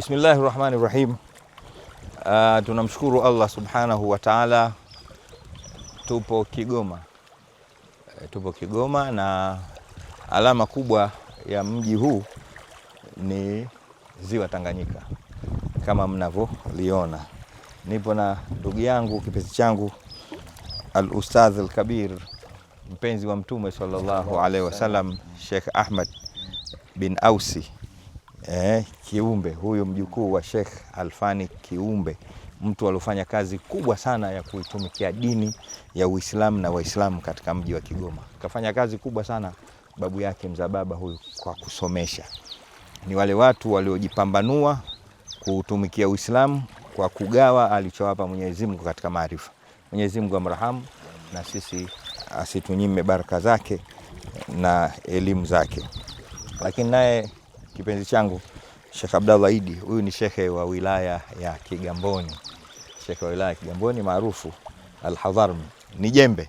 Bismillahi rahmani rahim. Uh, ah, tunamshukuru Allah subhanahu wa taala, tupo Kigoma, eh, tupo Kigoma na alama kubwa ya mji huu ni ziwa Tanganyika kama mnavyoliona. Nipo na ndugu yangu kipenzi changu al-Ustadh al-Kabir mpenzi wa Mtume sallallahu alaihi wasallam Sheikh Ahmad bin Ausi eh, kiumbe huyu mjukuu wa Sheikh Alfani kiumbe, mtu aliofanya kazi kubwa sana ya kuitumikia dini ya Uislamu na Waislamu katika mji wa Kigoma. Kafanya kazi kubwa sana babu yake mzababa huyu kwa kusomesha. Ni wale watu waliojipambanua kuutumikia Uislamu kwa kugawa alichowapa Mwenyezi Mungu katika maarifa. Mwenyezi Mungu amrahamu na sisi asitunyime baraka zake na elimu zake. Lakini naye kipenzi changu Sheikh Abdallah Idi. Huyu ni shekhe wa wilaya ya Kigamboni, shekhe wa wilaya ya Kigamboni maarufu Al-Hadharmi. Ni jembe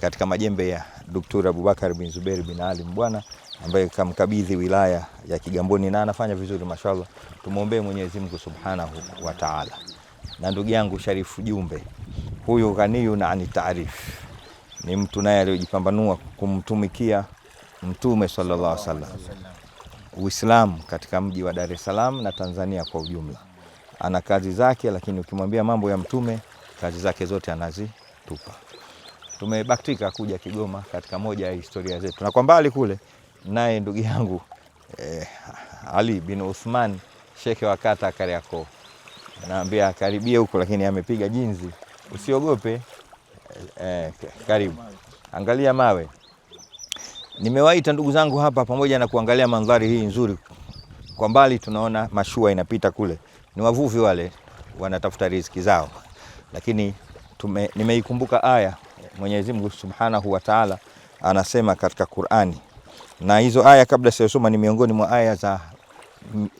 katika majembe ya Dr. Abubakar bin Zubair bin Ali Mbwana ambaye kamkabidhi wilaya ya Kigamboni na anafanya vizuri mashallah. Tumwombee Mwenyezi Mungu Subhanahu wa Ta'ala. Na ndugu yangu Sharifu Jumbe, huyu ghaniyu na anitaarif, ni mtu naye aliyojipambanua kumtumikia Mtume sallallahu alaihi wasallam Uislamu katika mji wa Dar es Salaam na Tanzania kwa ujumla. Ana kazi zake, lakini ukimwambia mambo ya Mtume, kazi zake zote anazitupa. tumebaktika kuja Kigoma katika moja ya historia zetu, na kwa mbali kule naye ndugu yangu eh, Ali bin Uthman shekhe wa kata Kariakoo anaambia karibie huko, lakini amepiga jinzi. Usiogope eh, eh, karibu, angalia mawe Nimewaita ndugu zangu hapa, pamoja na kuangalia mandhari hii nzuri, kwa mbali tunaona mashua inapita kule, ni wavuvi wale wanatafuta riziki zao, lakini tume, nimeikumbuka aya Mwenyezi Mungu Subhanahu wa Ta'ala anasema katika Qur'ani, na hizo aya kabla sijasoma, ni miongoni mwa aya za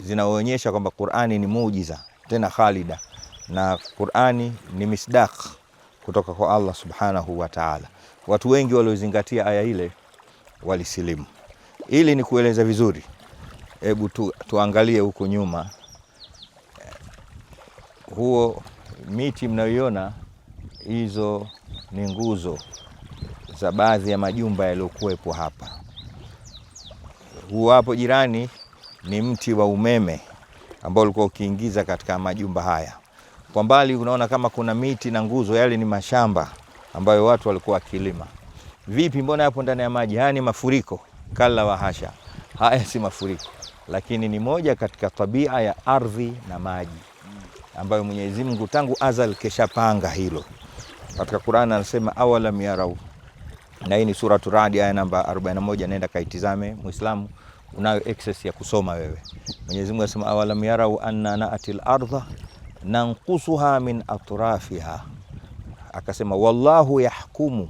zinaonyesha kwamba Qur'ani ni muujiza tena khalida, na Qur'ani ni misdaq kutoka kwa Allah Subhanahu wa Ta'ala. Watu wengi waliozingatia aya ile walisilimu. Ili ni kueleza vizuri, hebu tu, tuangalie huko nyuma. Huo miti mnayoiona hizo ni nguzo za baadhi ya majumba yaliyokuwepo hapa. Huo hapo jirani ni mti wa umeme ambao ulikuwa ukiingiza katika majumba haya. Kwa mbali unaona kama kuna miti na nguzo, yale ni mashamba ambayo watu walikuwa wakilima vipi, mbona hapo ndani ya maji? Haya ni mafuriko? Kala wa hasha, haya si mafuriko, lakini ni moja katika tabia ya ardhi na maji ambayo Mwenyezi Mungu tangu azal keshapanga hilo. Katika Qur'an anasema awalam yarau, na hii ni suratu Radi aya namba 41. Nenda kaitizame, Muislamu unayo access ya kusoma wewe. Mwenyezi Mungu anasema awalam yarau anna naatil ardha nanqusuha min atrafiha, akasema wallahu yahkumu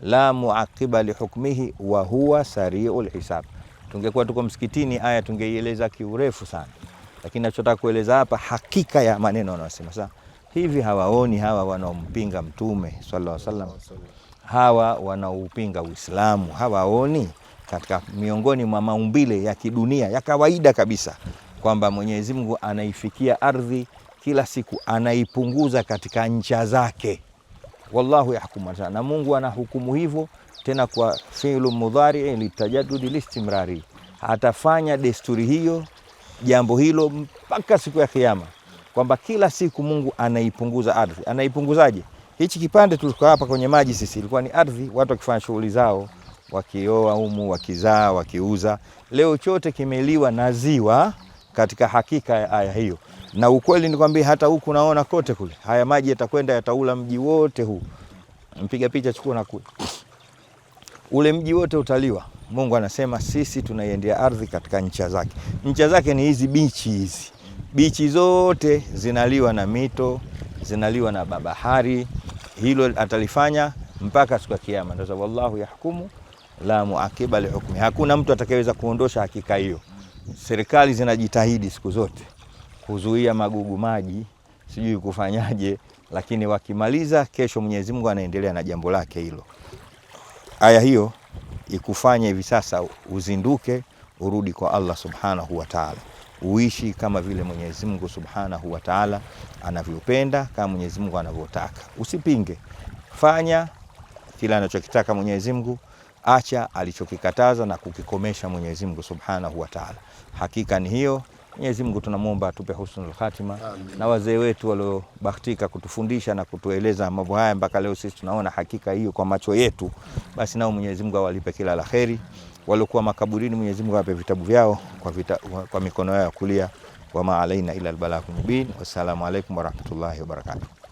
la muaqiba lihukmihi wa huwa sariul hisab. Tungekuwa tuko msikitini, aya tungeieleza kiurefu sana, lakini nachotaka kueleza hapa hakika ya maneno anaosema Sasa hivi hawaoni hawa wanaompinga Mtume sallallahu alaihi wasallam, hawa wanaoupinga Uislamu, hawaoni katika miongoni mwa maumbile ya kidunia ya kawaida kabisa kwamba Mwenyezi Mungu anaifikia ardhi kila siku, anaipunguza katika ncha zake wallahu yahkumu, na Mungu anahukumu hivyo tena kwa fi'lu mudhari litajadudi listimrari, atafanya desturi hiyo jambo hilo mpaka siku ya Kiyama, kwamba kila siku Mungu anaipunguza ardhi. Anaipunguzaje? Hichi kipande tulikuwa hapa kwenye maji sisi, ilikuwa ni ardhi, watu wakifanya shughuli zao, wakioa umu wakizaa, wakiuza. Leo chote kimeliwa na ziwa katika hakika ya aya hiyo na ukweli ni kwamba hata huku naona kote kule haya maji yatakwenda yataula mji wote huu. Mpiga picha chukua na kule, ule mji wote utaliwa. Mungu anasema sisi tunaiendea ardhi katika ncha zake. Ncha zake ni hizi bichi, hizi bichi zote zinaliwa na mito, zinaliwa na babahari. Hilo atalifanya mpaka siku ya Kiyama, ndio wallahu yahkumu la muakiba lihukmi, hakuna mtu atakayeweza kuondosha hakika hiyo. Serikali zinajitahidi siku zote kuzuia magugu maji, sijui kufanyaje, lakini wakimaliza kesho, Mwenyezi Mungu anaendelea na jambo lake hilo. Aya hiyo ikufanya hivi sasa uzinduke, urudi kwa Allah subhanahu wa taala, uishi kama vile Mwenyezi Mungu subhanahu wa taala anavyopenda, kama Mwenyezi Mungu anavyotaka. Usipinge, fanya kila anachokitaka Mwenyezi Mungu, acha alichokikataza na kukikomesha Mwenyezi Mungu subhanahu wa taala. Hakika ni hiyo Mwenyezi Mungu tunamuomba atupe husnul khatima, Na wazee wetu waliobahatika kutufundisha na kutueleza mambo haya mpaka leo sisi tunaona hakika hiyo kwa macho yetu, basi nao Mwenyezi Mungu awalipe kila la kheri. Waliokuwa makaburini, Mwenyezi Mungu awape vitabu vyao kwa, vita, kwa mikono yao ya kulia. Wama alaina ila albalagh mubin. Wassalamu alaikum warahmatullahi wabarakatuh.